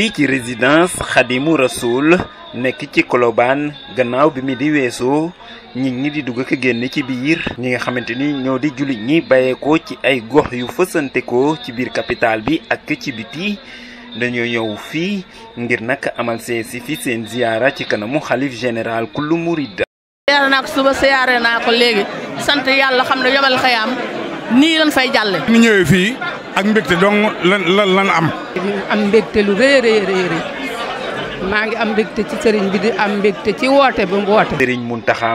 fii ci résidence Khadimou Rassoul nekk ci Colobane gannaaw bi mi di weesoo ñi ñi di dugg ak génn ci biir ñi nga xamante ni ñoo di jullit ñi bàyyeekoo ci ay gox yu fësante ko ci biir capitale bi ak ci biti dañoo yow fii ngir nag amal seesi fi seen ziyaara ci kanamu xalif général kullu murid sant yàlla xam ne yobal xëyaam nii lañ fay jàlle ñu ñëwee fii ak mbégte dong lan lan lan am. am mbégte lu rëy rëy maa ngi am mbégte ci sëriñ bi di am mbégte ci woote bi mu woote. sëriñ Mountakha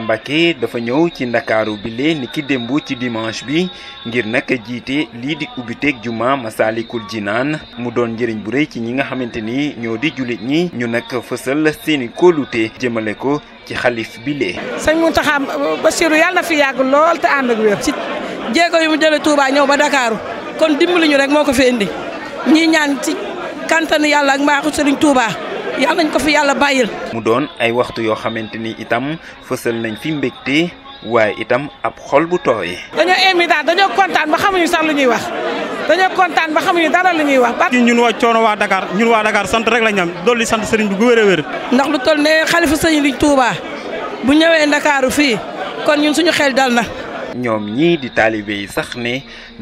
dafa ñëw ci ndakaaru bile ni ki démb ci dimanche bi ngir nag jiite lii di ubbiteeg juma Masaalikul Jinaan mu doon njëriñ bu rëy ci ñi nga xamante ni ñoo di jullit ñi ñu nag fësal seeni kóolute jëmmale ko ci xalif bile. sëñ Mountakha Bassirou yàlla na fi yàgg lool te ànd ak wér. ci jéego yu mu jëlee Touba ñëw kon dimbali ñu rek moo ko fi indi ñii ñaan ci kantanu yàlla ak mbaaxu Serigne Touba yàlla nañ ko fi yàlla bàyyil. mu doon ay waxtu yoo xamante ni itam fësal nañ fi mbégte waaye itam ab xol bu tooy. dañoo invité dañoo kontaan ba xamuñu sax lu ñuy wax dañoo kontaan ba xamuñu dara lu ñuy wax. ñun waa coono waa Dakar ñun waa Dakar sant rek lañ am dolli sant Serigne bi bu wér a wér. ndax lu toll ne xalifa Serigne Touba bu ñëwee Ndakaaru fii kon ñun suñu xel dal na. ñoom ñii di taalibe yi sax ne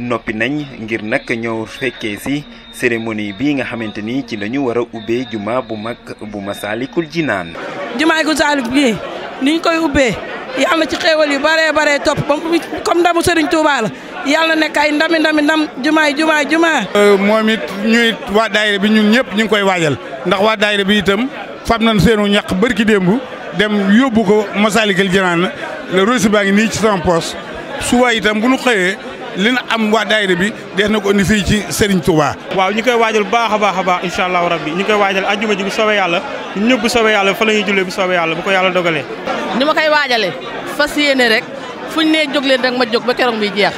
noppi nañ ngir nag ñëw fekkee ci cérémonie bi nga xamante ni ci la war a ubbee juma bu mag bu Masaalikul Jinaan. jumaa gu Saalum bii ni ñu koy ubbee yal na ci xéewal yu baree baree topp ba comme ndamu Serigne Touba la yàlla nekk ay ndami ndami ndam jumaay jumaay jumaa. Euh, moom it ñuy waa daayira bi ñun ñëpp ñu ngi koy waajal ndax waa daayira bi itam fab na seenu ñaq bërki démb dem yóbbu ko Masaalikul Jinaan la rosi baa ngi nii suba itam bu ñu xëyee li na am waa daayira bi dee na ko indi fii ci Serigne Touba. waaw ñu koy waajal bu baax a baax a baax incha allahu rabbi ñu koy waajale ajjuma ji bu soobee yàlla ñun ñëpp bu soobee yàlla fa la ñuy jullee bu soobee yàlla bu ko yàlla dogalee. ñu ma koy waajalee fas yéene rek fuñ nee jóg leen rek ma jóg ba keroog bi jeex.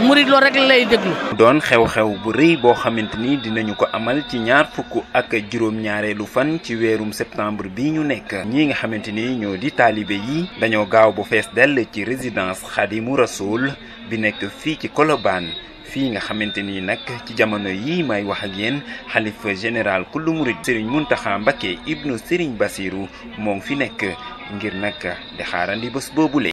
murit loolu rek lay déglu. doon xew-xew bu rëy boo xamante ni dinañu ko amal ci ñaar fukk ak juróom-ñaareelu fan ci weerum septembre bi ñu nekk ñii nga xamante ni ñoo di taalibe yi dañoo gaaw bu fees dell ci résidence mu Rassoul bi nekk fii ci kolobaan fii nga xamante ni nag ci jamono yi may wax ak yéen xalifa général kullu murit Serigne Mountakha Mbacké ibnu Serigne Bassirou moo fi nekk ngir nag di xaarandi bés boobule.